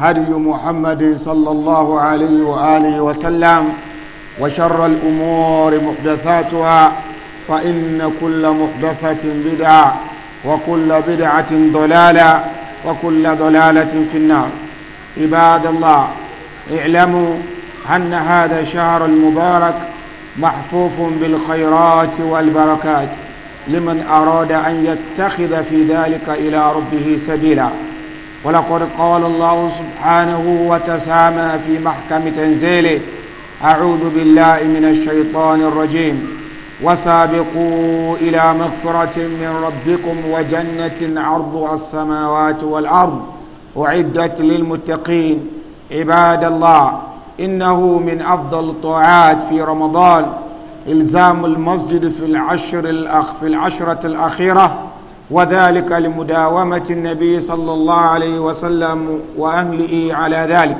هدي محمد صلى الله عليه وآله وسلم وشر الأمور محدثاتها فإن كل محدثة بدعة وكل بدعة ضلالة وكل ضلالة في النار عباد الله اعلموا أن هذا الشهر المبارك محفوف بالخيرات والبركات لمن أراد أن يتخذ في ذلك إلى ربه سبيلاً ولقد قال الله سبحانه وتسامى في محكم تنزيله أعوذ بالله من الشيطان الرجيم وسابقوا إلى مغفرة من ربكم وجنة عرضها السماوات والأرض أعدت للمتقين عباد الله إنه من أفضل الطاعات في رمضان إلزام المسجد في العشر الأخ في العشرة الأخيرة وذلك لمداومة النبي صلى الله عليه وسلم وأهله على ذلك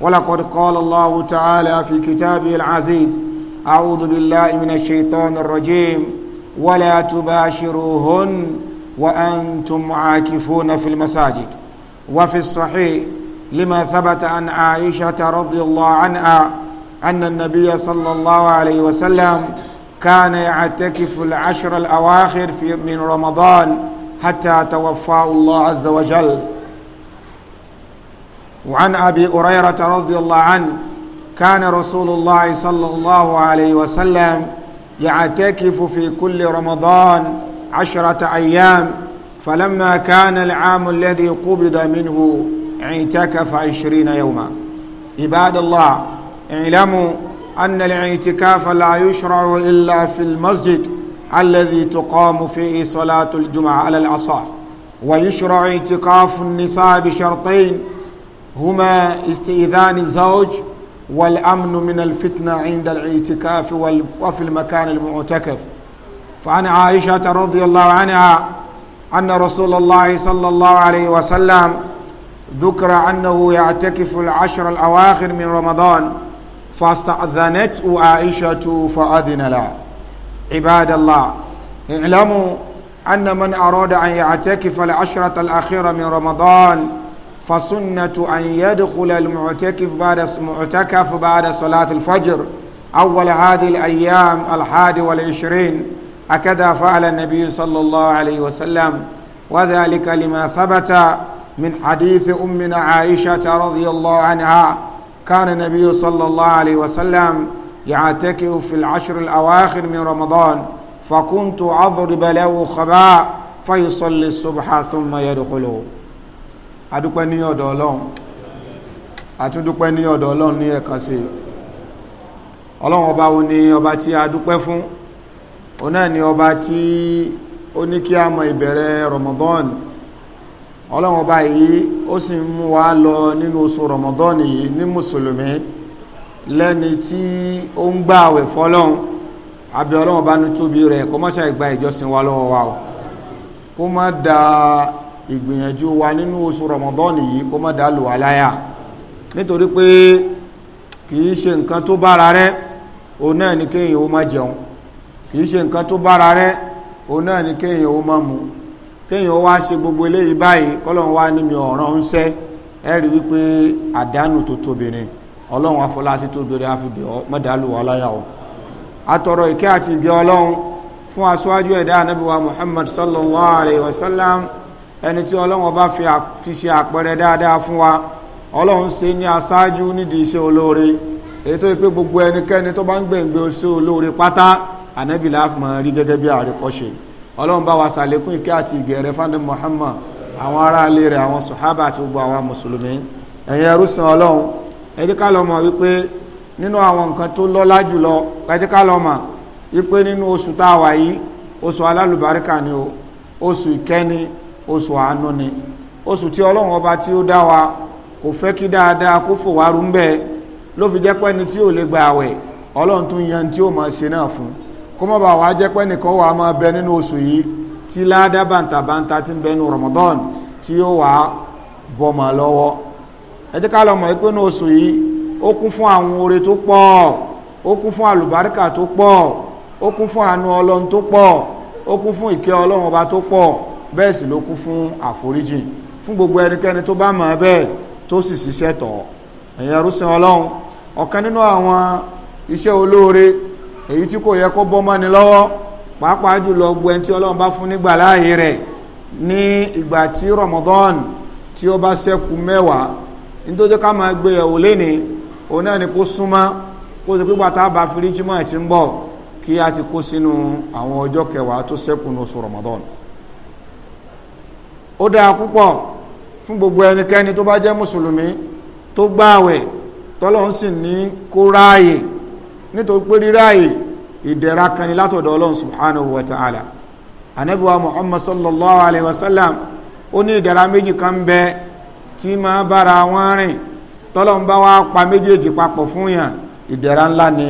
ولقد قال الله تعالى في كتابه العزيز أعوذ بالله من الشيطان الرجيم ولا تباشروهن وأنتم عاكفون في المساجد وفي الصحيح لما ثبت عن عائشة رضي الله عنها أن النبي صلى الله عليه وسلم كان يعتكف العشر الأواخر في من رمضان حتى توفاه الله عز وجل وعن أبي هريرة رضي الله عنه كان رسول الله صلى الله عليه وسلم يعتكف في كل رمضان عشرة أيام فلما كان العام الذي قبض منه اعتكف عشرين يوما عباد الله اعلموا أن الاعتكاف لا يشرع إلا في المسجد الذي تقام فيه صلاة الجمعة على الأصح ويشرع اعتكاف النساء بشرطين هما استئذان الزوج والأمن من الفتنة عند الاعتكاف وفي المكان المعتكف فعن عائشة رضي الله عنها أن رسول الله صلى الله عليه وسلم ذكر أنه يعتكف العشر الأواخر من رمضان فاستأذنته عائشة فأذن لها عباد الله اعلموا أن من أراد أن يعتكف العشرة الأخيرة من رمضان فسنة أن يدخل المعتكف بعد معتكف بعد صلاة الفجر أول هذه الأيام الحادي والعشرين هكذا فعل النبي صلى الله عليه وسلم وذلك لما ثبت من حديث أمنا عائشة رضي الله عنها كان النبي صلى الله عليه وسلم يعتكف في العشر الأواخر من رمضان فكنت أضرب له خباء فيصلي الصبح ثم يدخله adúpẹ́ ní ọ̀dọ̀ ọlọ́run àtúndúpẹ́ ní ọ̀dọ̀ ọlọ́run ní ẹ̀kan sí ọlọ́run ọba wo ni ọba tí a dúpẹ́ fún òun náà ni ọba tí ó ní kí a mọ ìbẹ̀rẹ̀ Ramadan ọlọ́run ọba yìí ó sì ń mú wa lọ nínú oṣù Ramadan yìí ní mùsùlùmí lẹ́ni tí ó ń gbà àwẹ̀ fọlọ́run àbí ọlọ́run bá ní tóbi rẹ̀ kó má ṣàìgbà ìjọsìn wa lọ́wọ́ wa o kó má da ìgbìyànjú wa nínú oṣù Ramadan yìí kó má da lù wá láyà nítorí pé kìí ṣe nǹkan tó bára rẹ̀ òun náà ni kéèyàn ó má jẹun kìí ṣe nǹkan tó bára rẹ̀ òun náà ni kéèyàn ó má mu kéèyàn wá ṣe gbogbo eléyìí báyìí kọ́lọ́n wá ní ọ̀ràn ń sẹ́ ẹ wípé àdánù tó tóbi ni ọlọ́run afọláṣí tóbi rẹ̀ àfi bẹ̀ ọ́ mọ́dàlù wà láyà o àtọ̀rọ̀ ìkẹ́ àti ìgẹ́ ọlọ́run fún aṣáájú ẹ̀dá anábíwá Muhammad sallallahu alayhi wa sallam ẹni tí ọlọ́run ọba fi ṣe àpẹẹrẹ dáadáa fún wa ọlọ́run ṣe ní aṣáájú nídìí iṣẹ́ olóore èyí tó yẹ pé gbogbo ẹnikẹ́ni tó bá ń gbẹ̀ngbẹ̀ iṣẹ́ olóore pátá ànábìlà máa rí gẹ́gẹ́ bí àríkọ́ṣe ọlọ́run bá wa sàlékún ìkẹ́ àti ìgẹ̀rẹ́ fáni Muhammad àwọn ará ilé rẹ̀ àwọn sùhábà àti gbogbo àwọn mùsùlùmí ẹ̀yin ẹrúsìn ọlọ́run ẹ jẹ́ ká lọ mọ̀ wípé nínú àwọn nǹkan tó lọ́lá jùlọ ẹ jẹ́ wípé nínú oṣù tá a wà yìí oṣù alálùbáríkà ni o oṣù ìkẹ́ni oṣù àánú ni oṣù tí ọlọ́run ọba tí ó dá wa kò fẹ́ kí dáadáa kó fò ń bẹ́ẹ̀ ló fi jẹ́ pẹ́ni tí ò lè gba àwẹ̀ ọlọ́run tún yan tí ó máa ṣe náà fún un kó má bàa wá jẹ́ pé nìkan wà á máa bẹ nínú oṣù yìí tí ládá bàǹtàbàǹtà ti ń Ramadan tí ó wà á bọ̀mọ̀ lọ́wọ́ ẹ jẹ́ ká lọ mọ̀ pé nínú oṣù yìí ó kún fún àwọn oore tó pọ̀ ó kún fún àlùbáríkà tó pọ̀ ó kún fún àánú ọlọ́run tó pọ̀ ó kún fún ìkẹ́ ọlọ́run ọba tó pọ̀ bẹ́ẹ̀ sì ló kún fún àforíjì fún gbogbo ẹnikẹ́ni tó bá mọ̀ bẹ́ẹ̀ tó sì ṣiṣẹ́ tọ̀ ẹ̀yẹ rúṣin ọlọ́run ọ̀kan nínú àwọn iṣẹ́ olóore èyí tí kò yẹ kó bọ́ mọ́ni lọ́wọ́ pàápàá jùlọ gbogbo ẹni tí ọlọ́run bá fún nígbà láàyè rẹ̀ ní ìgbà tí Ramadan tí ó bá ṣẹ́kù mẹ́wàá nítorí ká máa gbé ẹ̀wò léni òun náà ni kó súnmọ́ kó sì pípa tá a bá fi rí jímọ̀ ẹ̀ ti ń bọ̀ kí a ti kó sínú àwọn ọjọ́ kẹwàá tó ṣẹ́kù ní oṣù Ramadan ó dáa púpọ̀ fún gbogbo ẹnikẹ́ni tó bá jẹ́ mùsùlùmí tó gbààwẹ̀ tọ́lọ́run sì ní kó ráàyè nítorí pé ríráyè ìdẹ̀ra kan ní látọ̀dọ̀ ọlọ́run subhanahu wa ta'ala anabiwa muhammad sallallahu alayhi wa sallam ó ní ìdẹ̀ra méjì kan bẹ tí máa bára wọn rìn tọ́lọ́n bá wá pa méjèèjì papọ̀ fún yàn ìdẹ̀ra ńlá ni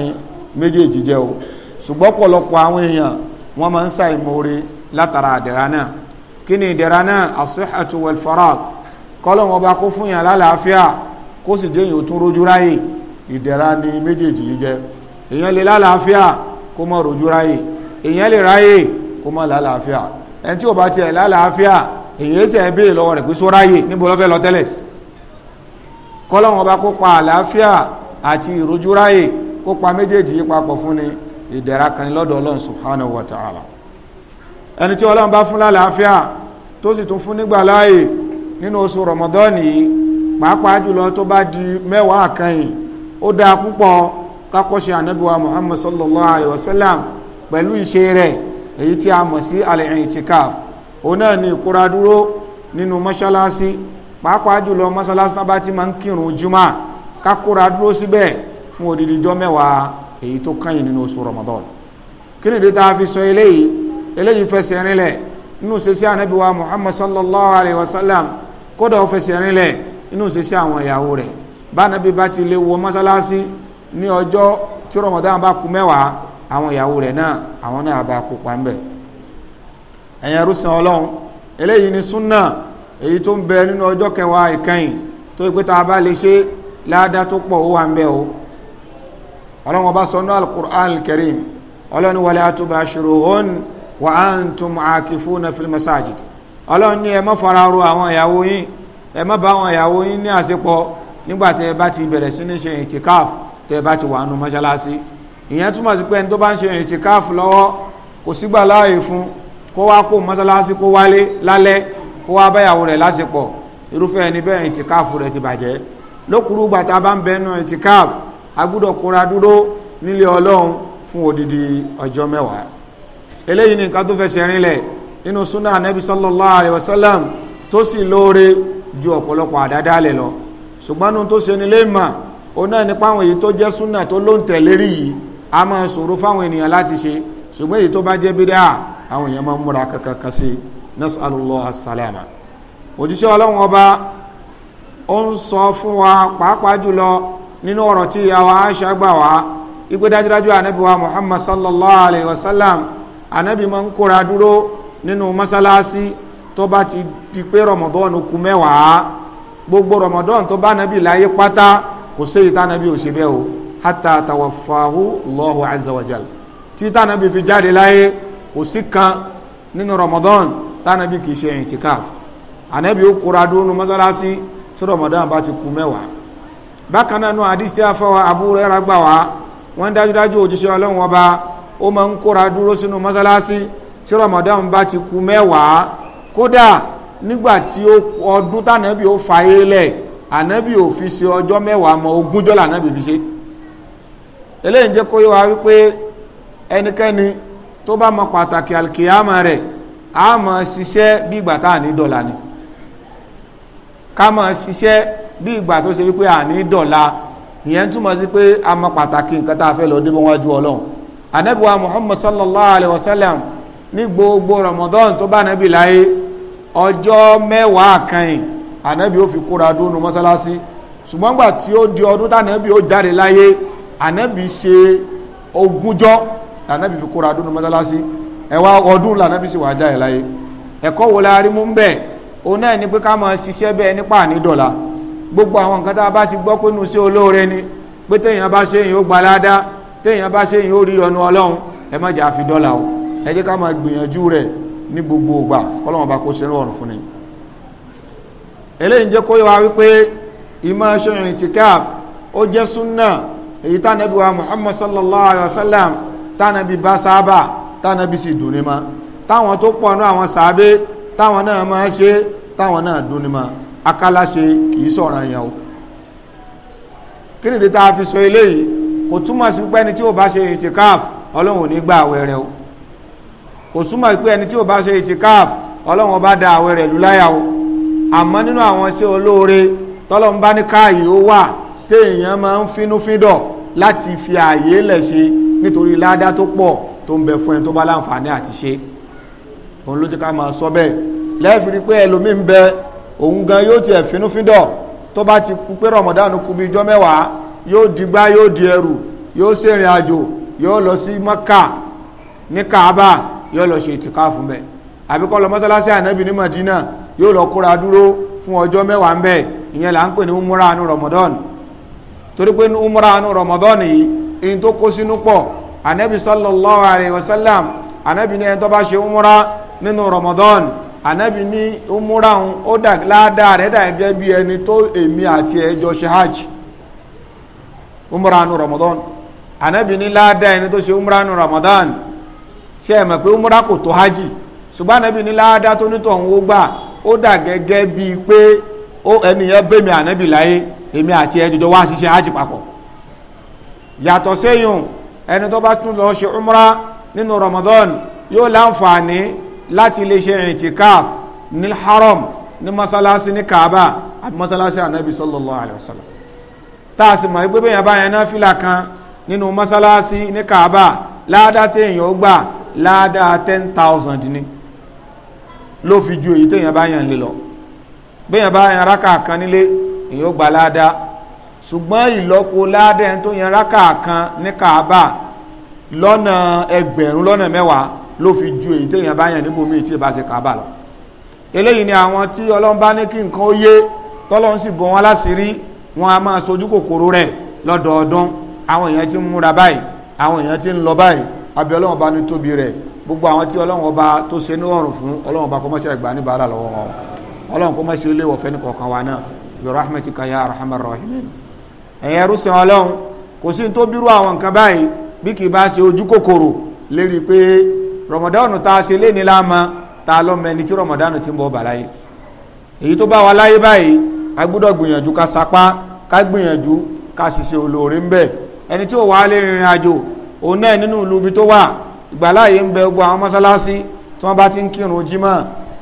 méjèèjì jẹ́ o ṣùgbọ́n pọ̀lọpọ̀ àwọn èèyàn wọ́n máa ń sa ìmoore látara ìdẹ̀ra náà kí ni ìdẹ̀ra náà asihatu wal farag kọ́lọ̀ wọn bá kó fún yàn lálàáfíà kó sì déyìn òtún rójú ráyè ìdẹ̀ra ni méjèèjì yìí jẹ́ èèyàn lè lálàáfíà kó mọ̀ rojú ráyè èèyàn lè ráyè kó mọ̀ lálàáfíà ẹni tí ò bá tiẹ̀ lálàáfíà èyí ṣe ẹ béèrè lọ́wọ́ rẹ̀ pé só ráyè níbo lọ́fẹ́ lọ tẹ́lẹ̀ kọ́lọ́wọ́n ọba kó pa àlàáfíà àti ìrojú ráyè kó pa méjèèjì papọ̀ fún ni ìdẹ̀ra kan lọ́dọ̀ ọlọ́run subhanahu wa ta'ala ẹni tí ọlọ́run bá fún lálàáfíà tó sì tún fún nígbà láàyè nínú oṣù rọmọdọ́ọ̀nì pàápàá jùlọ tó bá di mẹ́wàá àkànyìn ó dáa púpọ̀ takọ́ṣe ànábíwá muhammad sallallahu alayhi wa sallam pẹ̀lú ìṣe rẹ̀ èyí tí a mọ̀ sí al-i'tikaf òun náà ni ìkúradúró nínú mọ́ṣáláṣí pàápàá jùlọ mọ́ṣáláṣí náà bá ti máa ń kírun juma ká kúradúró síbẹ̀ fún odidi jọ́ mẹ́wàá èyí tó kányìn nínú oṣù ramadan kí nìdí tá a fi sọ eléyìí eléyìí fẹsẹ̀ rinlẹ̀ nínú ṣeṣẹ́ ànábíwá muhammad sallallahu alayhi wa kódà ó fẹsẹ̀ rinlẹ̀ nínú ṣeṣẹ́ àwọn ìyàwó rẹ̀ bá ànábí bá ti lè wọ mọ́ṣáláṣí ní ọjọ́ tí rọmọdán bá kù mẹ́wàá àwọn ìyàwó rẹ̀ náà àwọn náà bá kópa ń bẹ̀ ẹ̀yin ẹrúsìn ọlọ́run eléyìí ni súnà èyí tó ń bẹ nínú ọjọ́ kẹwàá ìkẹyìn tó pé tá a bá lè ṣe láàdá tó pọ̀ ó wà ń bẹ̀ o ọlọ́run ọba sọ ní alukur'an karim ọlọ́run wala tubashiruhun wa antum akifuna fil masajid ọlọ́run ní ẹ má fararo àwọn ìyàwó yín ẹ má bá àwọn ìyàwó yín ní àṣepọ̀ nígbà tẹ́ ẹ bá ti bẹ̀rẹ̀ sí ní ṣe ìtìkáàfù tẹ́ bá ti wà nù mọ́ṣáláṣí ìyẹn túmọ̀ sí pé ẹni tó bá ń ṣe ìtìkáàfù lọ́wọ́ kò sígbà láàyè fún kó wá kó mọ́ṣáláṣí kó wálé lálẹ́ kó wá báyàwó rẹ̀ lásìpọ̀ irúfẹ́ ẹni bẹ́ẹ̀ ìtìkáàfù rẹ̀ ti bàjẹ́ lókùrú gbàtà bá ń agbúdọ̀ kóra dúró nílé ọlọ́run fún odidi ọjọ́ mẹ́wàá eléyìí ni nǹkan tó fẹsẹ̀ rinlẹ̀ nínú súnà anabi sallallahu alayhi ó náà nípa àwọn èyí tó jẹ́ súnà tó ló ń tẹ̀lé rí yìí a máa ṣòro fáwọn ènìyàn láti ṣe ṣùgbọ́n èyí tó bá jẹ́ bídá àwọn èèyàn máa ń múra kankan sí nasalullah salama òjíṣẹ́ ọlọ́run ọba ó ń sọ fún wa pàápàá jùlọ nínú ọ̀rọ̀ tí ìyá wa aṣa gbà wá ipé dájúdájú ànábì wa muhammad sallallahu alayhi wa sallam ànábì máa ń kóra dúró nínú mọ́sálásí tó bá ti di pé rọmọdọ́ọ̀nù kù mẹ́wàá gbogbo rọmọdọ́ọ̀nù tó bá ànábì láyé pátá kò séyìí tánàbí ò ṣe bẹ́ẹ̀ o hatta tawafahu Allahu azza wa jal tí tánàbí fi jáde láyé kò sí kan nínú Ramadan tánàbí kì í ṣe ìtìkáf ànábì ó kóra dúnú mọ́sálásí tí Ramadan bá ti kù mẹ́wàá bákan náà nù àdìsí afọwọ́ Abu Hurairah gbà wá wọ́n dájúdájú òjíṣẹ́ ọlọ́run ọba ó máa ń kóra dúró sínú mọ́sálásí tí Ramadan bá ti kù mẹ́wàá kódà nígbà tí ọdún tánàbí ó fàyè lẹ̀ ànábì ò fi ṣe ọjọ́ mẹ́wàá mọ ogúnjọ́ lànábì fi ṣe eléyìí jẹ́ kó yé wa wípé ẹnikẹ́ni tó bá mọ pàtàkì alkiyama rẹ̀ a máa ṣiṣẹ́ bí ìgbà tá à ní dọ̀la ni ká máa ṣiṣẹ́ bí ìgbà tó ṣe wípé à ní dọ̀la ìyẹn túmọ̀ sí pé a mọ pàtàkì nǹkan tá a fẹ́ lọ dé wájú ọlọ́run ànábì wa muhammad sallallahu alayhi wa sallam gbogbo ramadan tó bá ànábì láyé ọjọ́ mẹ́wàá kan yìí ànábì ó fi kóra dónú mọ́sálásí ṣùgbọ́n gbà tí ó di ọdún tànábì ó jáde láyé ànábì ṣe ogúnjọ́ lànábì fi kóra dónú mọ́sálásí ẹ̀wá ọdún lànábì sì wà jáde láyé ẹ̀kọ́ wo la rí mú ń bẹ̀ òun náà ni pé ká máa ṣiṣẹ́ bẹ́ẹ̀ nípa ànídọ̀la gbogbo àwọn nǹkan tá a bá ti gbọ́ pé sí olóore ni pé téèyàn bá ṣe èyàn ó gba ládá téèyàn bá ṣe èyàn ó rí ọnu ọlọ́run ẹ má jà dọ́là o ẹ jẹ́ ká máa gbìyànjú rẹ̀ ní gbogbo ìgbà kọ́lọ́wọ́n bá kó ṣe ń rọrùn fún ni eléyìí jẹ́ kó yẹ wá wípé ìmọ̀ ṣe ìtìkáf ó jẹ́ súnà èyí tánàbí wa muhammad sallallahu alayhi wa sallam tánàbí bá sábà tánàbí sì dùn ní ma táwọn tó pọ̀ náà àwọn sàábé táwọn náà máa ṣe táwọn náà dùn ní ma akáláṣe kìí sọ̀rọ̀ yẹn o kí nìdí tá a fi sọ eléyìí kò túmọ̀ sí pé ẹni tí ò bá ṣe ìtìkáf ọlọ́run ò ní gba àwẹ̀ rẹ̀ o kò túmọ̀ sí pé ẹni tí ò bá ṣe ìtìkáf ọlọ́run ọba da àwẹ̀ rẹ̀ lù láyà àmọ́ nínú àwọn iṣẹ́ olóore tọ́lọ́n bá ní káàyè ó wà téèyàn máa ń fínúfíndọ̀ láti fi ààyè lẹ̀ ṣe nítorí ládá tó pọ̀ tó ń bẹ fún ẹni tó bá láǹfààní àti ṣe òun ló ti ká máa sọ bẹ́ẹ̀ lẹ́ẹ̀fìrí pé ẹlòmíín bẹ òun gan yóò tiẹ̀ fínúfíndọ̀ tó bá ti kú pé rọ̀mọ̀dánù kù bí ijọ́ mẹ́wàá yóò digbá yóò di ẹrù yóò ṣèrìn àjò yóò lọ sí Mẹ́kà ní Kaaba yóò lọ ṣe ìtìkáfù bẹ́ẹ̀ àbíkọ́ lọ mọ́sálásí ànábì ní Madina yóò lọ kóra dúró fún ọjọ́ mẹ́wàá ń bẹ̀ ìyẹn là ń pè ní umra anu Ramadan torí pé ní umra anu Ramadan yìí in tó kó sínú pọ̀ anabi sallallahu alayhi wa sallam anabi ní ẹni tó bá ṣe umra nínú Ramadan anabi ní umra ó dà ládàá rẹ̀ dà gẹ́gẹ́ bí ẹni tó èmi àti ẹjọ́ ṣe hajj umra anu Ramadan anabi ní ládàá ẹni tó ṣe umra anu Ramadan ṣe é mọ̀ pé umra kò tó hajj ṣùgbọ́n anabi ní ládàá tó nítọ̀ ń wó gbà ó dà gẹ́gẹ́ bíi pé ó ẹnìyẹn bẹ́mi ànábì láyé èmi àti ẹjọ́jọ́ wá ṣiṣẹ́ hajj papọ̀ yàtọ̀ sẹ́yìn ẹni tó bá tún lọ ṣe umra nínú Ramadan yóò láǹfààní láti lè ṣe ìtìkáf ní haram ní masalasi ní kaaba àti masalasi ànábì sallallahu alayhi tá a sì mọ̀ pé bẹ́yàn báyẹn náà fìlà kan nínú masalasi ní kaaba ládàá téèyàn ó gbà ládàá ten thousand ni ló fi ju èyí téèyàn bá yàn lè lọ béèyàn bá yàn rákà kan nílé èyàn ó gba ládàá ṣùgbọ́n ìlọ́po ládàá ẹni tó yàn rákà kan ní Kaaba lọ́nà ẹgbẹ̀rún lọ́nà mẹ́wàá ló fi ju èyí téèyàn bá yàn ní mòmí tí ì bá ṣe Kaaba lọ eléyìí ni àwọn tí Ọlọ́run bá ní kí nǹkan ó yé tọ́lọ́run sì bọ̀ wọ́n láṣìírí wọn a máa sojú kòkòrò rẹ̀ lọ́dọọdún àwọn èèyàn ti ń múra báyìí àwọn èèyàn ti ń lọ báyìí abẹ́ Ọlọ́run bá ní tóbi rẹ̀ gbogbo àwọn tí ọlọ́run ọba tó ṣe ní ọrùn fún ọlọ́run ọba kó má ṣe ẹgbà ní bàálà lọ́wọ́ wọn ọlọ́run kó má ṣe ilé ìwọ̀fẹ́ ní kọ̀ọ̀kan wa náà bí rahmatika ya arhamar rahimin ẹ̀yẹ rúṣin ọlọ́run kò sí tó bírú àwọn nǹkan báyìí bí kì í bá ṣe ojú kòkòrò lérí pé rọmọdánù tá a lé ní láàmà tá a lọ mẹni tí rọmọdánù ti ń bọ̀ bàláyé èyí tó bá wa láyé báyìí a gbọ́dọ̀ gbìyànjú ká sapá ká gbìyànjú ká ṣiṣẹ́ olóore ń bẹ̀ ẹni tí ò wá lé rìnrìn àjò òun náà nínú ìlú ibi tó wà ìgbàláyé ń bẹ gbogbo àwọn mọ́sálásí tí wọ́n bá ti ń kírun jímọ̀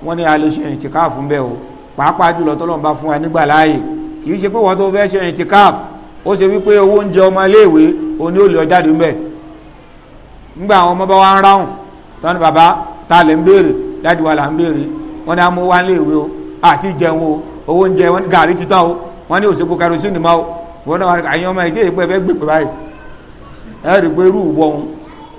wọ́n ní a lè ṣe ìtìkáàfù ń bẹ o pàápàá jùlọ tọ́lọ́run bá fún wa nígbàláyé kì í ṣe pé wọ́n tó fẹ́ ṣe ìtìkáàfù ó ṣe wípé owó oúnjẹ ọmọ iléèwé òní ò lè ọ jáde ń bẹ àwọn ọmọ bá wá ń ráhùn tọ́ni bàbá ta lè ń béèrè dáàdì wa là ń béèrè wọ́n ní amówá iléèwé o àti ìjẹun o owó oúnjẹ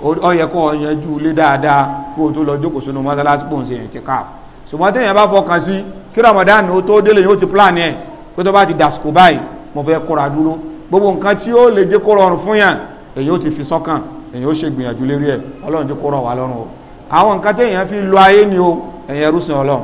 ó yẹ kó yanjú ilé dáadáa kó o tó lọ jókòó sínú mọ́sálásí pò ń ṣe ìtíkáàfù ṣùgbọ́n téèyàn bá fọkàn sí kí Ramadan ó tó délé yóò ti plan ẹ̀ pé tó bá ti dàsìkò báyìí mo fẹ́ kóra dúró gbogbo nǹkan tí ó lè jẹ́ kó rọrùn fún yàn èyí ó ti fi sọ́kàn èyí ó ṣe gbìyànjú lérí ẹ̀ ọlọ́run jẹ́ kó rọ̀ wá lọ́rùn o àwọn nǹkan téèyàn fi lo ayé ni o ẹ̀yìn ẹrúsìn ọlọ́run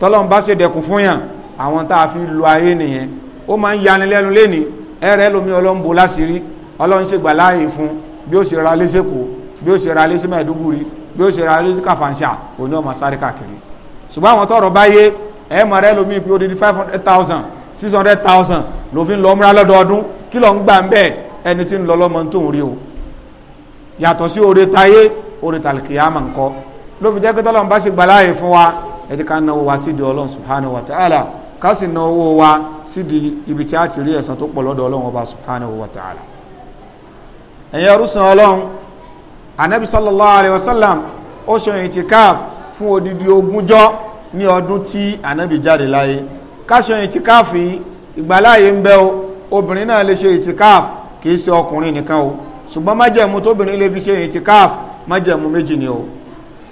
tọ́lọ́run bá ṣe dẹ̀kun fún yàn àwọn tá a fi lo ayé nìyẹn ó máa ń yani lẹ́nu lẹ́ni ẹ̀rẹ́ lomi ọlọ́run bo láṣìírí ọlọ́run ṣègbà láàyè fún bí ó ṣe ra léṣekò bí ó ṣe ra ilé sí mẹ́ẹ̀ẹ́dógúri bí ó ṣe ra ilé sí kàfàǹṣà òun ni ọmọ sáré káàkiri ṣùgbọ́n àwọn tọrọ báyé ẹ mọ̀ rẹ lómi pé odidi five hundred thousand six hundred thousand ló fi ń lọ ọmúra lọ́dọọdún kí ló ń gbà ń bẹ́ẹ̀ ẹni tí ń lọ lọ́mọ tó ń rí o yàtọ̀ sí oore táyé oore tàlìkìyàmà ńkọ́ ló fi jẹ́ pé tọ́lọ́mù bá ṣe gbà láàyè fún wa ẹ jẹ́ ká náwó wa sídìí ọlọ́run subhanahu wa ta'ala ká sì ná owó wa sídìí ibi tí a ti rí ẹ̀san tó pọ̀ lọ́dọ̀ ọlọ́run ọba subhanahu wa ta'ala ẹ̀yin ẹrú ọlọ́run anabi sallallahu alayhi wa sallam ó ṣe ìtìkáf fún odidi ogúnjọ́ ní ọdún tí anabi jáde láyé ká ṣe ìtìkáf yìí ìgbàláyé ń bẹ o obìnrin náà lè ṣe ìtìkáf kìí ṣe ọkùnrin nìkan o ṣùgbọ́n májẹ̀mú tóbìnrin lè fi ṣe ìtìkáf májẹ̀mú méjì ni o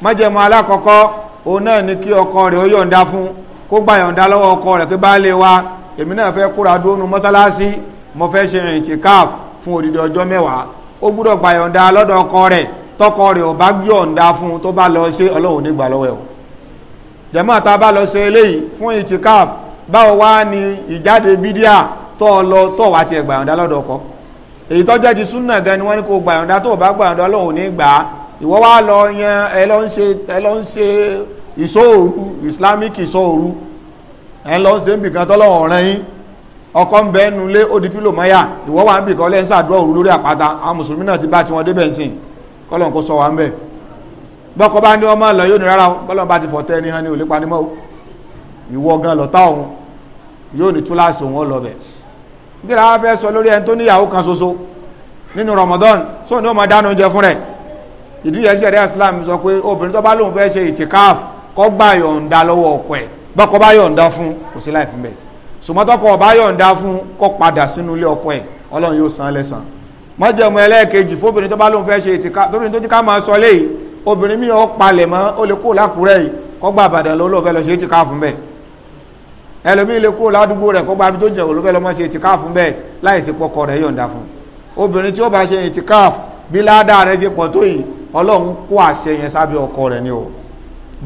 májẹ̀mú alákọ̀ọ́kọ́ òun náà ni kí ọkọ rẹ̀ ó yọ̀ǹda fún kó gba yọ̀ǹda lọ́wọ́ ọkọ rẹ̀ pé baálé wa èmi náà fẹ́ kóra dónú mọ́sálásí mo fẹ́ ṣe ìtìkáf fún odidi ọjọ́ mẹ́wàá ó gbúdọ̀ gba lọ́dọ̀ ọkọ rẹ̀ tọkọ rẹ̀ ò bá yọ̀ǹda fún tó bá lọ ṣe ọlọ́run lọ́wọ́ ẹ̀ o ta bá lọ ṣe eléyìí fún itikaf báwo wá ni ìjáde bídíà tọ́ lọ tọ́ wá tiẹ̀ lọ́dọ̀ ọkọ ti súnà gan ni wọ́n bá ìwọ́ wá ọkọ ń bẹ ẹnu lé ó di pílò mọ́yà ìwọ wà ń bì kọ́ lẹ́yìn sàdúrà òru lórí àpáta àwọn mùsùlùmí náà ti bá tiwọn débẹ̀ ń sìn kọ́lọ̀ kó sọ wà ń bẹ̀ bọ́kọ bá ní ọmọ lọ yóò ní rárá bọ́lọ̀ bá ti fọ̀ tẹ́ ẹni hàn ní òlé panimọ́ ìwọ gan lọ́tà òun yóò ní túláàsì òun lọ bẹ̀ kí làwọn fẹ́ sọ lórí ẹni tó níyàwó kan ṣoṣo nínú Ramadan sóò ní ọmọ dáná oúnjẹ fún rẹ̀ ìdíyẹ sí ẹ̀rẹ́ Islam sọ pé obìnrin tó bá lóun fẹ́ ṣe ìtìkáàf kó gba yọ̀ǹda lọ́wọ́ ọkọ bọ́kọ bá yọ̀ǹda fún kò sí láì fún bẹ́ẹ̀ sùmọ́tọ́kọ̀ ọ̀bá yọ̀ǹda fún kó padà sínú ilé ọkọ ẹ̀ ọlọ́run yóò san lẹ́sàn mọ́jẹ̀mú ẹlẹ́ẹ̀kejì fóbìnrin tó bá lóun fẹ́ ṣe ìtìká torí tó jí ká máa sọ léyìí obìnrin mi ò palẹ̀ mọ́ ó lè kó lákùúrẹ́ yìí kó gba àbàdàn lọ lóun fẹ́ lọ ṣe ìtìká fún bẹ́ẹ̀ ẹlòmíì lè kó ládùúgbò rẹ̀ kó gba ibi tó jẹ̀ òun ló fẹ́ lọ mọ́ ṣe ìtìká fún bẹ́ẹ̀ láì sí pọkọ rẹ̀ yọ̀ǹda fún obìnrin tí ó bá ṣe ìtìká bí ládàá rẹ̀ ṣe pọ̀ tó yìí ọlọ́run kó àṣẹ yẹn sábẹ́ ọkọ rẹ̀ ni o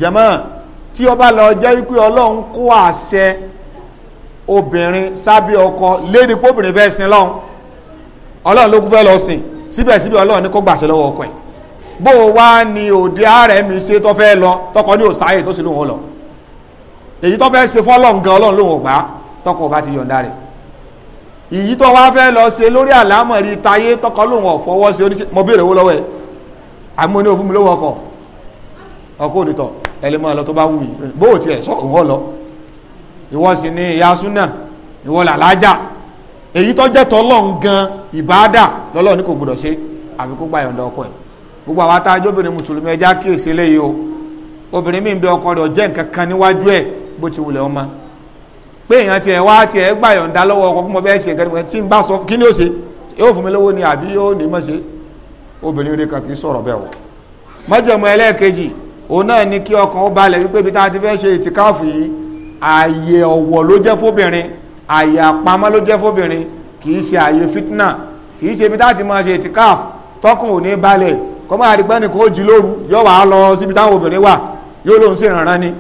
jẹ̀mọ́ tí ó lọ jẹ́ pé ọlọ́run kó àṣẹ obìnrin sábẹ́ ọkọ lédi póbìnrin fẹ́ sin lọ́hùn ọlọ́run ló kú fẹ́ lọ sìn síbẹ̀síbẹ̀ ọlọ́run ní kó gbàṣẹ lọ́wọ́ ọkọ ẹ̀ bó o wá ní òde ààrẹ mi ṣe tó fẹ́ lọ tọkọ ní òsáyè tó sì lóun ò lọ èyí tó fẹ́ ṣe fọ́lọ́run gan ọlọ́run lóun ò gbà tọkọ ò bá ti yọ̀ǹda rẹ̀ èyí tó wá fẹ́ lọ ṣe lórí àlámọ̀rí tayé tọkọ lóun ò fọwọ́ ṣe oníṣẹ́ mo béèrè owó lọ́wọ́ ẹ̀ àmọ́ ní òfin mi lówó ọkọ̀ ọkọ̀ òdìtọ̀ ẹlẹ́mọ̀ lọ tó bá wù yìí bó o tiẹ̀ sọ òun ò lọ ìwọ sì ni ìyá súnà ìwọ làlájà èyí tó jẹ́ tọ́lọ́n gan ìbáàdà lọ́lọ́ọ̀ ní kò gbọdọ̀ ṣe àfi kó gba ìyọ̀ǹda ọkọ ẹ̀ gbogbo àwọn atájọ́ obìnrin mùsùlùmí ẹja kíyèsí léyìí o obìnrin mi ń bẹ ọkọ rẹ̀ ọ̀jẹ́ nǹkan kan níwájú ẹ̀ bó ti wulẹ̀ ọmọ pé èèyàn tiẹ̀ wá tiẹ̀ gbà yọ̀ǹda lọ́wọ́ ọkọ kúmọ̀ bẹ́ẹ̀ ṣe nǹkan kan tí ń bá sọ kí ni ó ṣe yóò fún mi lówó ni àbí yóò ní mọ̀ ṣe obìnrin rẹ̀ kan kì í sọ̀rọ̀ bẹ́ẹ̀ o májẹ̀mú ẹlẹ́ẹ̀kejì òun náà ni kí ọkàn ó balẹ̀ wípé ibi tá a ti fẹ́ ṣe ìtìkáàfù yìí ààyè ọ̀wọ̀ ló jẹ́ fóbìnrin ààyè àpamọ́ ló jẹ́ fóbìnrin kìí ṣe ààyè fitna kìí ṣe ibi táti máa ṣe ìtìkáf tọkùn ò ní balẹ̀ kọ́ máa dìgbẹ́ nìkan ó jí lóru yóò wá lọ síbi táwọn obìnrin wà yóò lóun sì rànran ni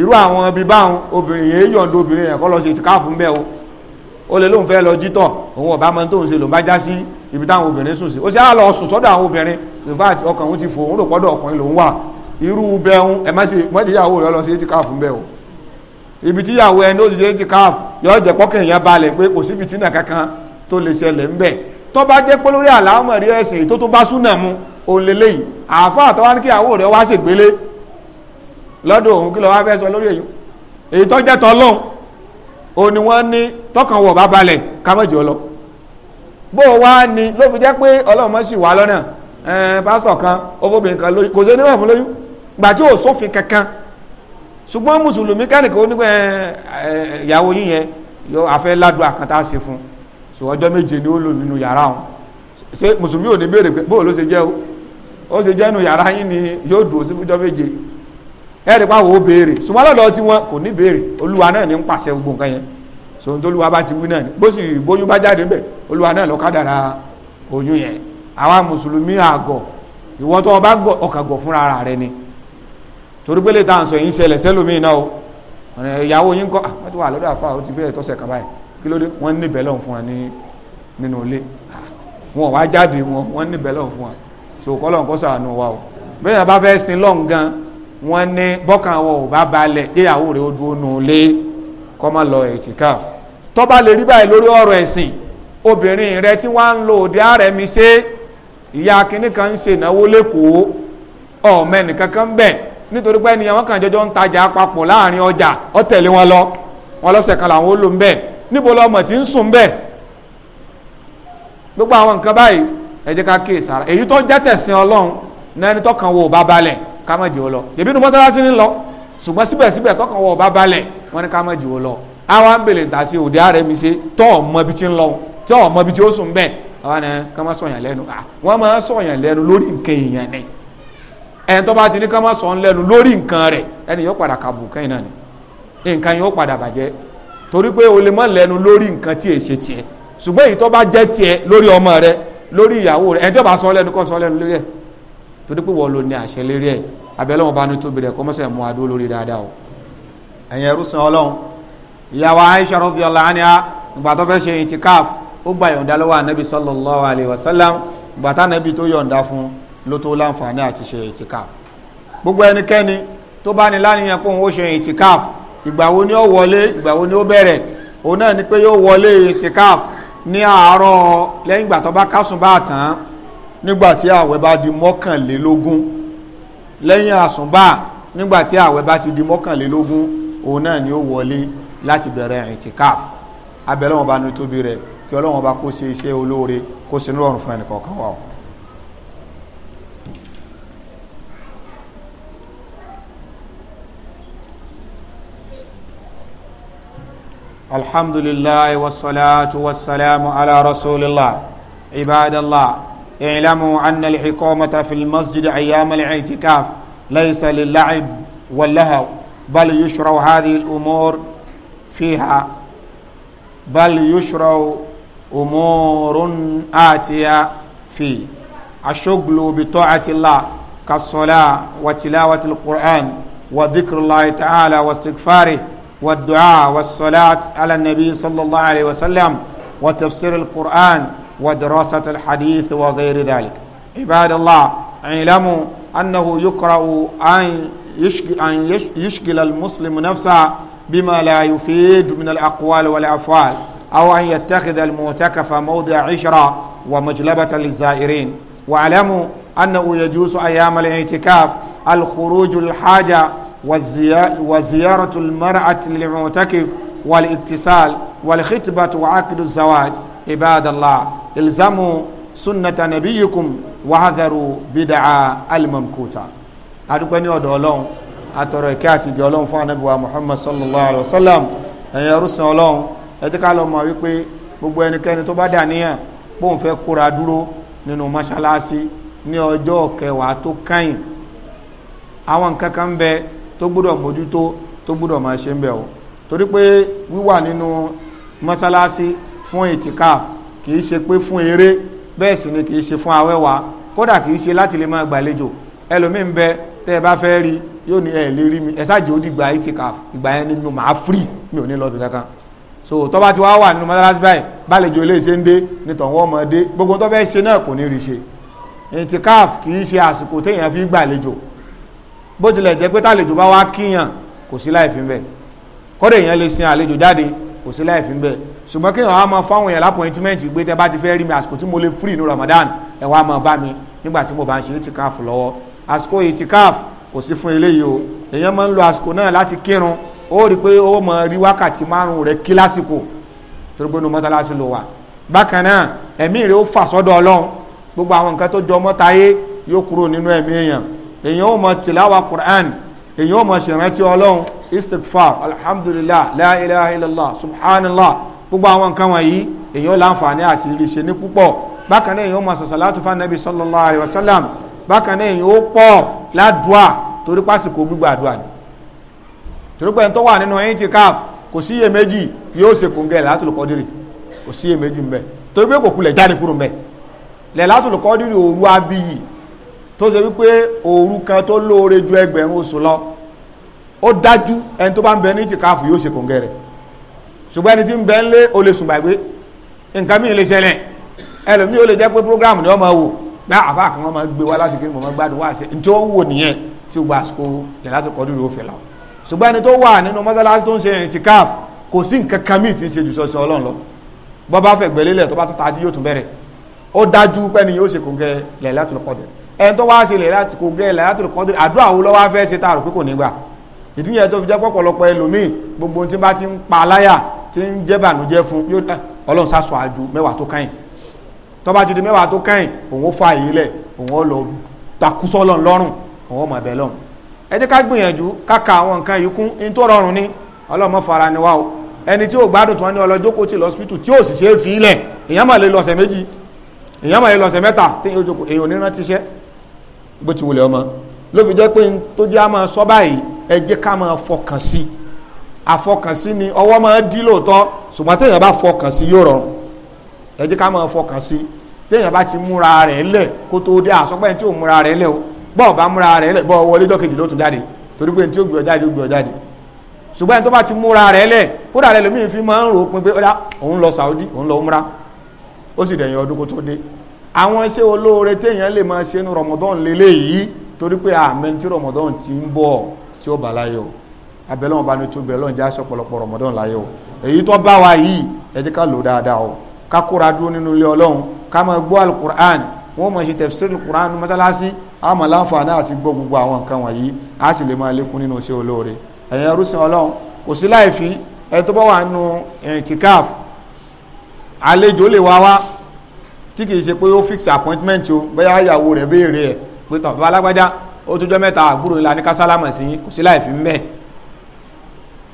irú àwọn ibi báwọn obìnrin yìí yọ̀ǹda obìnrin yẹn kọ́ lọ ṣe ìtìkáf ń bẹ́ o ó lè lóun fẹ́ lọ jítọ̀ òun ọ̀bá máa tóun ṣe lòun bá já sí ibi táwọn obìnrin sùn sí ó sì á lọ sùn sọ́dọ̀ àwọn obìnrin in fact ọkàn òun ti fò òun rò pọ́dọ̀ ọkùnrin lòun wà irú bẹ́ẹ̀ ẹ má ṣe mọ́tìyàwó rẹ lọ ṣe ìtìkáf ń bẹ́ o ibi tí ìyàwó ẹni ó ti ti káàf yọ jẹ pọkàn balẹ̀ pé kò sí fìtínà kankan tó lè ṣẹlẹ̀ ń tó bá jẹ́ pé lórí àlámọ̀rí ẹ̀sìn tó tó bá súnà mu òun àáfàá tó wá ní kí àwọ̀ sọ lórí èyí èyí tó jẹ́ o ni wọ́n ní tọkàn wọ̀ bá balẹ̀ kámẹ́jọ lọ bó wá ní ló fi jẹ́ pé ọlọ́run sì lọ́nà kan lóyún kò sí lóyún ṣùgbọ́n mùsùlùmí kánìkan ó nígbà eh, eh, ìyàwó yín yẹn yọ afẹ́ ládùn àkàntà ṣe fún so ọjọ́ méje ni ó lò nínú yàrá òun ṣé mùsùlùmí ò ní béèrè pé bóò ló ṣe jẹ́ o ó ṣe jẹ́ nu yàrá yín ni yóò dùn sí ọjọ́ méje ẹ̀rì pa wo béèrè ṣùgbọ́n lọ́dọ̀ tí wọn kò ní béèrè olúwa náà ní ń pàṣẹ gbogbo nǹkan yẹn so n tó olúwa bá ti wí náà bó sì bóyún bá jáde níbẹ̀ olúwa náà ló kádàrá oyún yẹn àwa mùsùlùmí àgọ̀ ìwọ tó o bá ọkàgọ̀ fúnra rẹ ni torí pé lè tàn sọ yìí ṣẹlẹ̀ sẹ́lómi o ìyàwó yín kọ́ wọ́n ti wà lọ́dọ̀ àfa ó ti bẹ́ẹ̀ tọ́sẹ̀ kaba yìí kí ló dé wọ́n níbẹ̀ lọ́hùn fún wa nínú ilé wọn wá jáde so kọla kọ́ sàánú wa o bẹ́ẹ̀ yà bá fẹ́ sin lọ́hùn gan wọ́n ní bọ́kàn wọn ò bá balẹ̀ rẹ̀ ó dúró nù ilé kọ́ má lọ lè rí báyìí lórí ọ̀rọ̀ ẹ̀sìn obìnrin rẹ tí wọ́n nítorí pé ẹnìyàn wọn kàn jọjọ ń tajà papọ̀ láàrin ọjà ó tẹ̀lé wọn lọ wọn lọ́sẹ̀ kan làwọn ó lò ń bẹ̀ níbo lọmọ tí ń sùn bẹ̀ gbogbo àwọn nǹkan báyìí ẹ ká kíyè sára èyí tó jẹ́ tẹ̀sìn ọlọ́run náà ẹni tọkàn wo bá balẹ̀ ká má jẹ́ ó lọ jẹ̀bi inú mọ́sálásí ni lọ ṣùgbọ́n síbẹ̀síbẹ̀ tọkàn wo bá balẹ̀ wọn ni ká má jẹ́ ó lọ àwa ń bèlè tà sí òde ààrẹ mi ṣe tọ́ ọmọ ibi tí ń lọ tọ́ ọmọ ibi tí ó sùn bẹ́ẹ̀ àwa ni ká má sọ̀yàn lẹ́nu wọ́n máa sọ̀yàn lẹ́nu lórí nǹkan èèyàn ni ẹni tó bá ti ní ká má sọ ń lẹ́nu lórí nǹkan rẹ̀ ẹni yóò padà kàbù kẹ́yìn náà ni nǹkan yóò padà bàjẹ́ torí pé o lè má lẹ́nu lórí nǹkan tí èsè tiẹ̀ ṣùgbọ́n èyí tó bá jẹ́ tiẹ̀ lórí ọmọ rẹ lórí ìyàwó rẹ ẹni tó bá sọ lẹ́nu kọ́ sọ lẹ́nu lórí ẹ̀ torí pé wọ́n lo ní àṣẹ lérí ẹ̀ abẹ́lẹ́ wọn bá ní tóbi rẹ̀ kọ́ mọ́sẹ̀ mú adó lórí dáadáa o. ẹ̀yin ẹrú ọlọ́run ìyàwó Aisha radiyallahu anha ìgbà tó fẹ́ ṣe ìtìkáf ó gba yọ̀ǹda lọ́wọ́ sallallahu alayhi wa sallam ìgbà tá anabi ló tó láǹfààní àti ṣe ìtìkáf gbogbo ẹnikẹ́ni tó bá ní láníyàn pé òun ó ṣe ìtìkáf ìgbà wo ni ó wọlé ìgbà wo ni ó bẹ̀rẹ̀ òun náà ni pé yóò wọlé ìtìkáf ní àárọ̀ lẹ́yìn ìgbà tó bá kásùn bá tán nígbà tí àwẹ̀ bá di mọ́kànlélógún lẹ́yìn àsùnbà nígbà tí àwẹ̀ bá ti di mọ́kànlélógún òun náà ni ó wọlé láti bẹ̀rẹ̀ ìtìkáf abẹ́lẹ́wọ̀n bá ní tóbi rẹ̀ kí ọlọ́wọ̀n bá kó ṣe iṣẹ́ olóore kó ṣe ní ọ̀run fún ẹnìkọ̀ọ̀kan wa o. alhamdulilayi wasalaatu wasalaamu ala rasulillah ibadallah iclamu ana alxikomata fi lmasjid ayaama alcitikaaf laysa lilacib walahaw bal yushraw hadihi lumuur fiiha بل يشرع أمور آتية في الشغل بطاعة الله كالصلاة وتلاوة القرآن وذكر الله تعالى واستغفاره والدعاء والصلاة على النبي صلى الله عليه وسلم وتفسير القرآن ودراسة الحديث وغير ذلك عباد الله اعلموا أنه يقرأ أن يشكل أن يشغل المسلم نفسه بما لا يفيد من الأقوال والأفعال أو أن يتخذ المعتكف موضع عشرة ومجلبة للزائرين واعلموا أنه يجوز أيام الاعتكاف الخروج للحاجة وزيارة المرأة للمعتكف والاتصال والخطبة وعقد الزواج عباد الله الزموا سنة نبيكم وحذروا بدعة الممقوتة أدوكني أدولون أتركاتي جولون فانبوا محمد صلى الله عليه وسلم ẹ̀yin ọ̀rùsàn ọlọ́run ẹ̀dẹ́ká lọ mọ̀ wípé gbogbo ẹnikẹ́ni tó bá dà níyàn bóun fẹ́ kóra dúró nínú mọ́ṣáláṣí ọjọ́ kẹwàá tó káyìn àwọn nǹkan kan bẹ́ẹ̀ tó gbúdọ̀ mójútó tó gbúdọ̀ máa ṣe ń bẹ̀ o torí pé wíwà nínú mọ́sálásí fún ìtìkáf kìí ṣe pé fún eré bẹ́ẹ̀ sì ni kìí ṣe fún awẹ́wà kódà kìí ṣe láti lè máa gbàlejò ẹlòmíín bẹ tẹ́ ẹ bá fẹ́ rí yóò ní ẹ rí mi ẹ dìgbà ìtìkáf ìgbà yẹn ni mo fírì mi ò ní lọ́ọ̀bì kankan so tó bá ti wá wà nínú mọ́sálásí báyìí bálejò ilé ṣe ń dé nítorí wọ́n mọ̀ dé gbogbo tó fẹ́ ṣe náà kò ní rí ṣe ìtìkáf kìí ṣe àsìkò téèyàn fi gbàlejò bó tilẹ̀ jẹ́ pé tàlejò bá wá kíyàn kò sí láì fi ń bẹ̀ kọ́dọ̀ èèyàn lè sin àlejò jáde kò sí láì fi ń bẹ̀ ṣùgbọ́n kéèyàn á máa fáwọn èèyàn lápọ̀ìntìmẹ́ǹtì gbé tẹ́ bá ti fẹ́ rí mi àsìkò tí mo lè free ní Ramadan ẹ wá máa bá mi nígbà tí mo bá ń ṣe itikaf lọ́wọ́ àsìkò itikaf kò sí fún eléyìí o èèyàn máa ń lo àsìkò náà láti kírun ó rí i pé ó máa rí wákàtí márùn rẹ kí lásìkò torí pé ló wà bákan náà ẹ̀mí rẹ ó fà sọ́dọ̀ Ọlọ́run gbogbo àwọn nǹkan tó jọ mọ́tayé yóò kúrò nínú ẹ̀mí èèyàn èyàn ó máa tìláwà Qur'an èyàn ó máa ṣèrántí ọlọ́run istighfar alhamdulillah la ilaha illallah subhanallah gbogbo àwọn nǹkan wọ̀nyí èyàn ó láǹfààní àti ìrìṣẹ́ ní púpọ̀ bákan náà èyàn ó máa sàṣàlátù fún anabi sallallahu alayhi wa sallam bákan náà èyàn ó pọ̀ ládùá torí pásìkò gbígbà àdúrà ni torí pé ẹni tó wà nínú intikaf kò sí iye méjì yóò ṣe kòǹgẹ́ látòlù kọ́dírì kò sí iye méjì ń bẹ torí pé kò kulẹ̀ jáde kúrò ń bẹ lẹ̀ látòlù òru abiyì tó ṣe wípé òru kan tó lóore ju ẹgbẹ̀rún oṣù lọ ó dájú ẹni tó bá ń bẹ ní tìkáàfù yóò ṣe kòǹgẹ́ rẹ̀ ṣùgbọ́n ẹni tí ń bẹ ń lé o lè sùn gbàgbé nǹkan mí lè ṣẹlẹ̀ ẹlòmí ó lè jẹ́ pé program ni wọ́n máa wò bá àbá kan wọ́n máa gbé wá láti kiri mọ̀ máa gbádùn wá ṣe ní tí ó wò nìyẹn tí ó gba àsìkò lè láti kọjú yóò fẹ́ lọ ṣùgbọ́n ẹni tó wà nínú mọ́sálásí ẹni tó wá ṣe lè láti kò gẹ́ ilẹ̀ láti kọ́ndé àdúrà wo lọ́wọ́ fẹ́ ṣe tààrù pé kò nígbà ìdúnyẹ tó fi jẹ́ pọ̀pọ̀lọpọ̀ ẹlòmíì gbogbo tí bá ti ń pa aláyà tí ń jẹ́ bànújẹ́ fún yóò ọlọ́run sásọ àjù mẹ́wàá tó kàn tó bá ti di mẹ́wàá tó kàn òun ó fa àyè lẹ̀ òun ó lọ takúsọ́ lọ́n lọ́rùn òun ó mọ̀ bẹ́ẹ̀ lọ́run ẹ jẹ́ ká gbìyànjú ká àwọn nǹkan yìí kún ní tó rọrùn ni ọlọ́mọ fara ni wá o ẹni tí ò gbádùn tí wọ́n ní ọlọ́jókòó ti lọ́sípítù tí ò sì ṣe é fi ilẹ̀ èèyàn mà lọ́sẹ̀ méjì èèyàn mà lọ́sẹ̀ mẹ́ta tí èèyàn ò ti ṣẹ́ bó ti wulẹ̀ ọmọ ló fi jẹ́ pé tó jẹ́ àmọ́ sọ báyìí ẹ jẹ́ ká máa fọkàn sí àfọkàn sí ni ọwọ́ máa dí lóòótọ́ ṣùgbọ́n téèyàn bá fọkàn sí yóò rọrùn ẹ jẹ́ ká máa fọkàn sí téèyàn bá ti múra rẹ̀ lẹ̀ kó tó dé àsọpẹ́ tí ò múra rẹ̀ lẹ̀ o bọ́ọ̀ bá múra rẹ̀ lẹ̀ bọ́ọ̀ wọlé dọ́kejì ló tún jáde torí pé tí ó gbé jáde ó gbé jáde ṣùgbọ́n ẹni tó bá ti múra rẹ̀ lẹ̀ kódà rẹ̀ lómi fi máa ń rò pin pé òun lọ Saudi òun lọ múra ó sì dẹ̀yìn ọdún kó tó dé àwọn iṣẹ́ olóore téèyàn lè máa ṣe ní Ramadan lélẹ̀ yìí torí pé àmín tí Ramadan ti ń bọ̀ tí ó bà láyọ̀ abẹ́lẹ́ wọn bá ní tóbi ẹlọ́run já aṣọ pọ̀lọpọ̀ Ramadan láyọ̀ èyí tó bá wa yìí ẹ jẹ́ ká lò dáadáa o ká kóra dúró nínú ilé ọlọ́run ká máa gbọ́ alukur'an wọ́n máa ṣe tafsirul kur'an mọ́sálásí a máa láǹfààní àti gbọ́ gbogbo àwọn nǹkan wọ̀nyí a sì lè máa lékún nínú iṣẹ́ olóore ẹ̀yin ẹrúsìn ọlọ́run kò sí láì fi ẹ tó bá wà nínú ìtìkáf àlejò lè wá wá tí kìí ṣe pé ó fix appointment o bóyá ìyàwó rẹ̀ béèrè ẹ̀ pé tàn bàbá alágbájá ó tún jọ mẹ́ta àbúrò ìlà ní kásálámà sí kò sí láì fi ń bẹ̀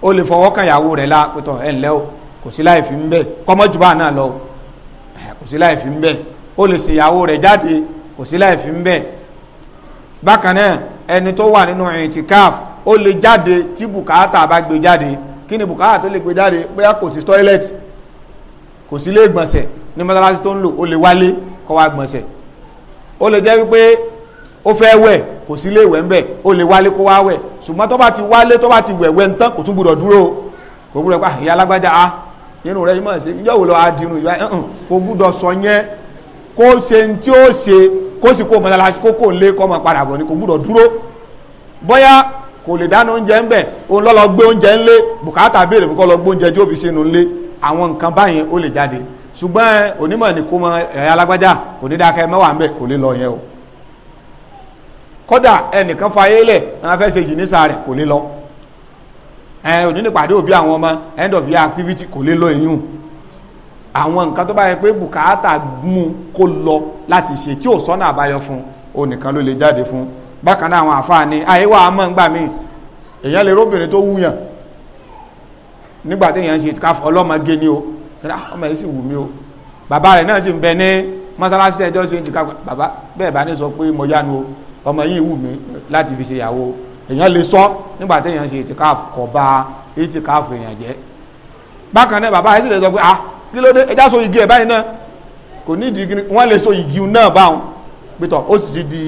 ó lè fọwọ́ kan ìyàwó rẹ̀ la pé tàn ẹ̀ ńlẹ́ o kò sí láì fi ń bẹ̀ kọ́mọ́ jù bá náà lọ kò sí láì fi ń bẹ̀ ó lè sin ìyàwó rẹ̀ jáde kò sí láì fi ń bẹ̀ bákan náà ẹni tó wà nínú ìtìkáf ó lè jáde tí bùkátà bá gbé jáde kí ni bùkátà tó lè gbé jáde bóyá kò sí toilet kò sí ilé ìgbọ̀nsẹ̀ ní mọ́sálásí tó ń lò ó lè wálé kó wá gbọ̀nsẹ̀ ó lè jẹ́ wípé ó fẹ́ wẹ̀ kò sí ilé ìwẹ̀ ńbẹ̀ ó lè wálé kó wá wẹ̀ ṣùgbọ́n tó bá ti wálé tó bá ti wẹ̀ wẹ̀ ńtán kò tún gbúdọ̀ dúró kò gbúdọ̀ pa ah, ìyá alágbájá a ah, inú rẹ̀ mọ̀ sí yóò lọ adirun ìwà ẹ̀hún kò gbúdọ̀ sọ yẹn kó ṣe ní tí ó ṣe kó sì kó mọ́sálásí kó kò lé kọ́ mọ́ padà bọ̀ ni kò gbúdọ̀ dúró bóyá kò lè dáná oúnjẹ ńbẹ̀ òun lọ́ gbé oúnjẹ ńlé bùkátà béèrè kó lọ gbé tí ó fi sínú ńlé àwọn nǹkan báyẹn ó lè jáde ṣùgbọ́n onímọ̀ ní kó mọ ẹ̀yà alágbájá kò ní dákẹ́ mẹ́wàá ń bẹ̀ kò lè lọ yẹn o kódà ẹnìkan fayé lẹ̀ wọn fẹ́ ṣe jìnnìṣà rẹ̀ kò lè lọ ẹ òní nípàdé òbí àwọn ọmọ end of year activity kò lè lọ ìyún àwọn nǹkan tó bá yẹ pé bùkátà mú kó lọ láti ṣe tí ò sọ́nà àbáyọ fún o nìkan ló lè jáde fún bákan náà àwọn àfáà ní àyíwá àmọ́ ń gbà míì èèyàn lè róbìnrin tó wúyàn nígbà téèyàn ń ṣe ọlọ́mọge ni o kí ah, ọmọ yìí sì wù mí o bàbá rẹ̀ náà sì ń bẹ ní mọ́sálásí ẹjọ́ sí ìjìká bàbá bẹ́ẹ̀ bá ní sọ pé mo yánu o ọmọ yìí wù mí láti fi ṣe ìyàwó èèyàn lè sọ nígbà téèyàn ṣe ìtìkáàfù kọ̀ bá ìtìkáàfù èèyàn jẹ́ bákan náà bàbá àìsílẹ̀ sọ pé ah kí ló dé ẹjá so igi ẹ̀ báyìí náà kò nídìí kí wọ́n lè so igi náà báwọn pétọ̀ ó sì ti di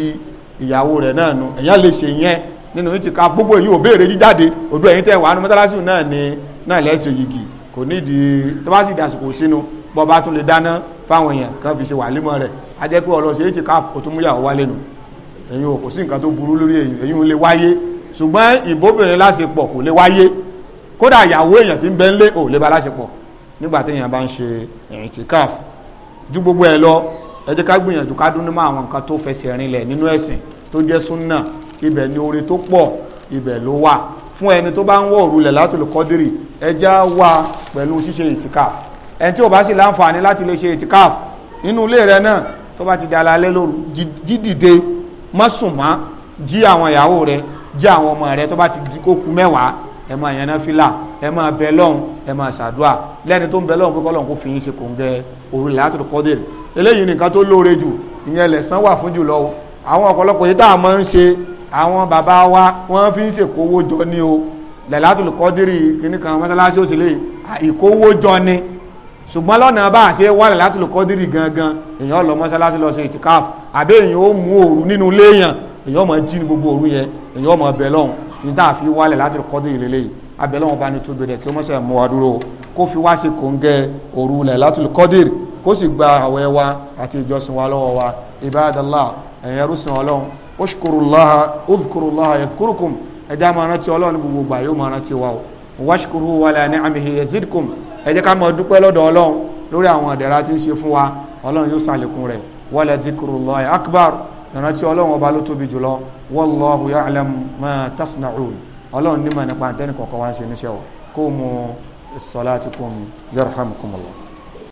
ìyàwó rẹ̀ náà nu èyàn lè ṣe yẹn nínú ìtìká gbogbo èyí ò béèrè jíjáde òdu ẹ̀yìn tẹ̀ wà á nu mọ́tálásì náà ni náà lẹ́sẹ̀ igi kò nídìí tó bá sì dàsìkò sínú bọ́ bá tún lè dáná fáwọn èèyàn kan fi ṣe wàlímọ̀ rẹ̀ a jẹ́ pé ọlọ́sẹ̀ èyí ti ká òtúnmúyàwó wálé nù ẹ̀yin ò kò sí nǹkan tó burú lórí èyí èyí ò lè wáyé ṣùgbọ́n ìbóbìnrin láṣepọ̀ kò lè wáyé kódà ìyàwó èèyàn ti ń bẹ ńlé ò lè ba láṣepọ̀ nígbà téèyàn bá ń ṣe ìtìkáf ju gbogbo ẹ̀ lọ ẹ ká gbìyànjú ká dún nímọ̀ àwọn nǹkan tó fẹsẹ̀ rinlẹ̀ nínú ẹ̀sìn tó jẹ́ súnà ibẹ̀ ni oore tó pọ̀ ibẹ̀ ló wà fún ẹni tó bá ń wọ̀ òrùlẹ̀ látòlù kọ́dírì ẹjá wà pẹ̀lú ṣíṣe ìtìkáf ẹni tí ò bá sì láǹfààní láti lè ṣe ìtìkáf nínú ilé rẹ náà tó bá ti di alalẹ́ lóru jídìde mọ́sùnmá jí àwọn ìyàwó rẹ jí àwọn ọmọ rẹ tó bá ti di kókù mẹ́wàá ẹ máa yànnà fìlà ẹ máa bẹ lọ́hùn ẹ máa ṣàdúà lẹ́ni tó ń bẹ lọ́hùn pé kọ́lọ́hùn kó fi yín ṣe kòǹgẹ́ òrùlẹ̀ látòlù kọ́dírì eléyìí nìkan tó lóore jù ìyẹn lẹ̀san wà fún jùlọ àwọn ọ̀pọ̀lọpọ̀ yìí tá a máa ń ṣe àwọn bàbá wa wọ́n fi ń ṣèkówó jọ ní o lẹ́látùlù kọ́dírì kìíní kan mọ́sálásí ó sì lè ìkówó jọ ni ṣùgbọ́n lọ́nà bá ṣe wà lẹ́látùlù kọ́dírì gangan èèyàn lọ mọ́sálásí lọ sí ìtìkáf àbí èèyàn ó mú òru nínú léèyàn èèyàn mọ̀ jí ní gbogbo òru yẹn èèyàn mọ̀ bẹ̀ lọ́hùn ní tá a fi wà lẹ́látùlù kọ́dírì lélẹ́yìí abẹ́lọ́hùn bá ní tóbi rẹ̀ kí ó mọ́sẹ̀ mú wa dúró kó fi wá sí kòńgẹ́ òru lẹ́látùlù kọ́dírì kó sì gba àwẹ̀ wa àti ìjọsìn wa lọ́wọ́ wa ibadallah ẹ̀yẹrú sìn ọlọ́run washkurullaha udhkurullaha yadhkurukum ẹ̀dá máa rántí ọlọ́run gbogbo gbà yóò máa rántí wa o washkuru wala ni'amihi yazidkum ẹ jẹ́ ká máa dúpẹ́ lọ́dọ̀ ọlọ́run lórí àwọn àdẹ̀rà tí ń ṣe fún wa ọlọ́run yóò ṣàlékún rẹ̀ wala dhikrullahi akbar ìrántí ọlọ́run ọba ló tóbi jùlọ wallahu ya'lam ma tasna'un ọlọ́run nímọ̀ nípa àtẹ́nì kọ̀ọ̀kan wá ń ṣe níṣẹ́ o kó mu salatikum yarhamukumullah